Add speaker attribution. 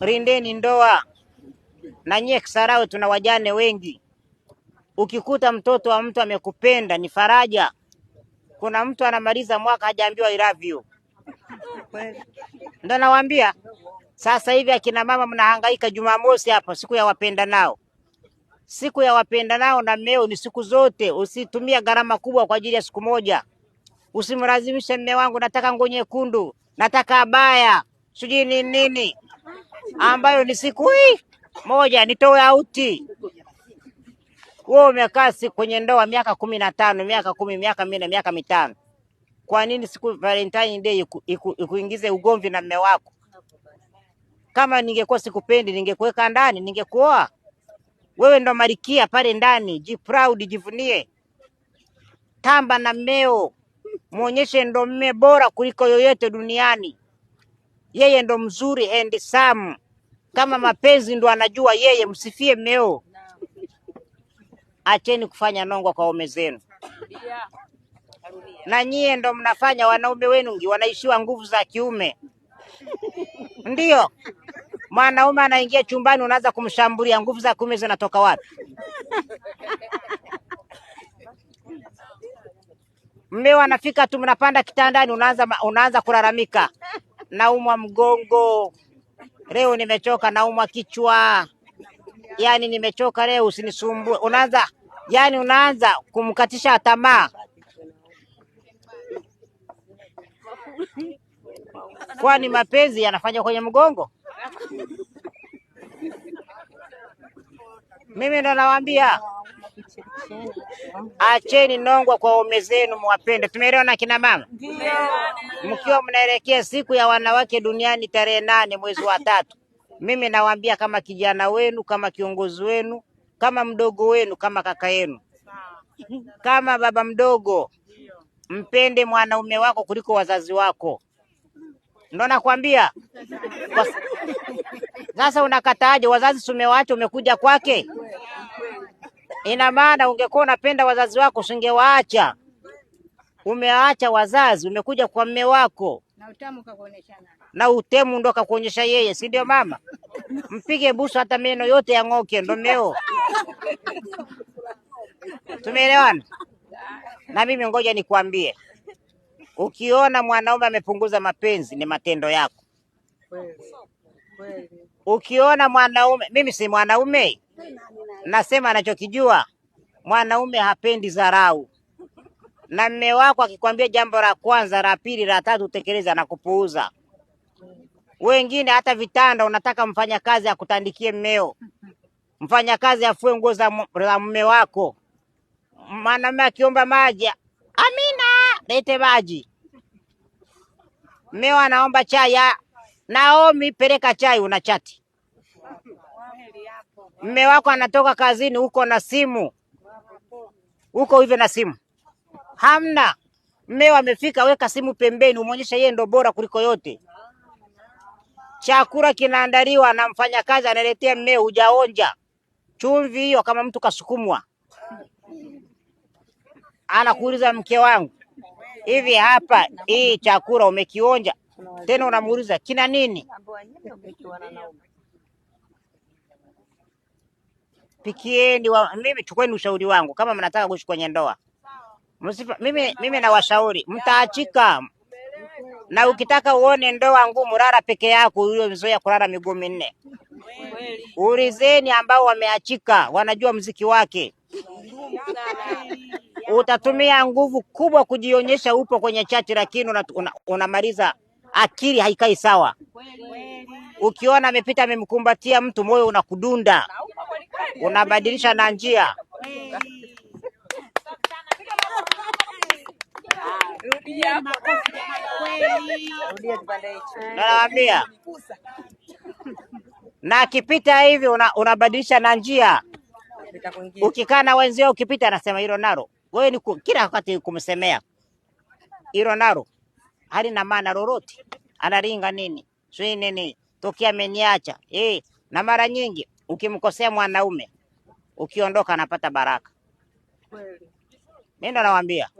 Speaker 1: Rindeni ndoa. Na nyie Kisarawe tuna wajane wengi. Ukikuta mtoto wa mtu amekupenda ni faraja. Kuna mtu anamaliza mwaka hajaambiwa I love you. nawaambia. Sasa hivi akina mama mnahangaika. Jumamosi hapa siku ya wapenda nao, siku ya wapenda nao na mmeo ni siku zote. Usitumia gharama kubwa kwa ajili ya siku moja. Usimlazimishe mme wangu, nataka nguo nyekundu, nataka abaya, sijui ni nini ambayo ni siku hii moja, nitoe auti wewe umekaa kwenye ndoa miaka kumi na tano miaka kumi miaka minne miaka mitano, kwa nini siku Valentine Day ikuingize iku, iku ugomvi na mme wako? Kama ningekuwa sikupendi ningekuweka ndani, ningekuoa wewe. Ndo malikia pale ndani, ji proud, jivunie, tamba na mmeo, muonyeshe ndo mme bora kuliko yoyote duniani. Yeye ndo mzuri and Sam, kama mapenzi ndo anajua yeye. Msifie mmeo, acheni kufanya nongo kwa ume zenu, na nyie ndo mnafanya wanaume wenu wanaishiwa nguvu za kiume. ndio mwanaume anaingia chumbani, unaanza kumshambulia, nguvu za kiume zinatoka wapi? Mmeo anafika tu, mnapanda kitandani, unaanza unaanza kulalamika naumwa mgongo leo, nimechoka, naumwa kichwa, yani nimechoka leo, usinisumbue. Unaanza yani, unaanza kumkatisha tamaa. Kwani mapenzi yanafanywa kwenye mgongo? Mimi ndo nawaambia. Acheni nongwa kwa ume zenu, mwapende. Tumeelewana kina mama? Ndio. Mkiwa mnaelekea siku ya wanawake duniani tarehe nane mwezi wa tatu, mimi nawaambia kama kijana wenu, kama kiongozi wenu, kama mdogo wenu, kama kaka yenu, kama baba mdogo, mpende mwanaume wako kuliko wazazi wako. Ndio nakwambia sasa. Unakataaje? Wazazi sumewaacha, umekuja kwake Ina maana ungekuwa unapenda wazazi wako usingewaacha. Umeacha wazazi, umekuja kwa mme wako na utamu kakuonyesha nani? Na utemu ndo kakuonyesha yeye, si ndio? Mama mpige busu, hata meno yote yang'oke, ndo mmeo. Tumeelewana? Na mimi ngoja nikwambie, ukiona mwanaume amepunguza mapenzi ni matendo yako. Ukiona mwanaume, mimi si mwanaume nasema anachokijua. Mwanaume hapendi dharau, na mme wako akikwambia jambo la kwanza, la pili, la tatu, utekeleza na kupuuza. Wengine hata vitanda unataka mfanyakazi akutandikie mmeo, mfanyakazi afue nguo za mme wako. Mwanaume akiomba maji, Amina, lete maji. Mmeo anaomba chai, Naomi, peleka chai. Una chati Mme wako anatoka kazini, huko na simu, huko hivyo na simu hamna. Mmeo amefika, weka simu pembeni, umeonyesha yeye ndo bora kuliko yote. Chakula kinaandaliwa na mfanyakazi analetea mmeo, hujaonja chumvi hiyo, kama mtu kasukumwa. Anakuuliza mke wangu, hivi hapa hii chakula umekionja? Tena unamuuliza kina nini? Wapikieni wa, mimi chukweni ushauri wangu kama mnataka kuishi kwenye ndoa Msipa, mimi, mimi nawashauri mtaachika, na ukitaka uone ndoa ngumu, rara peke yako, huyo mzoea kulala miguu minne. Ulizeni ambao wameachika, wanajua mziki wake. Utatumia nguvu kubwa kujionyesha upo kwenye chati, lakini unamaliza una, una akili haikai sawa. Ukiona amepita amemkumbatia mtu, moyo unakudunda unabadilisha na njia nawambia, na akipita hivi unabadilisha na njia. Ukikaa na wenzio ukipita, anasema hilo naro wewe, ni kila wakati kumsemea hilo naro hali na maana lolote, analinga nini sii nini, tokia ameniacha eh, na mara nyingi ukimkosea mwanaume ukiondoka anapata baraka. Mimi ndo nawaambia.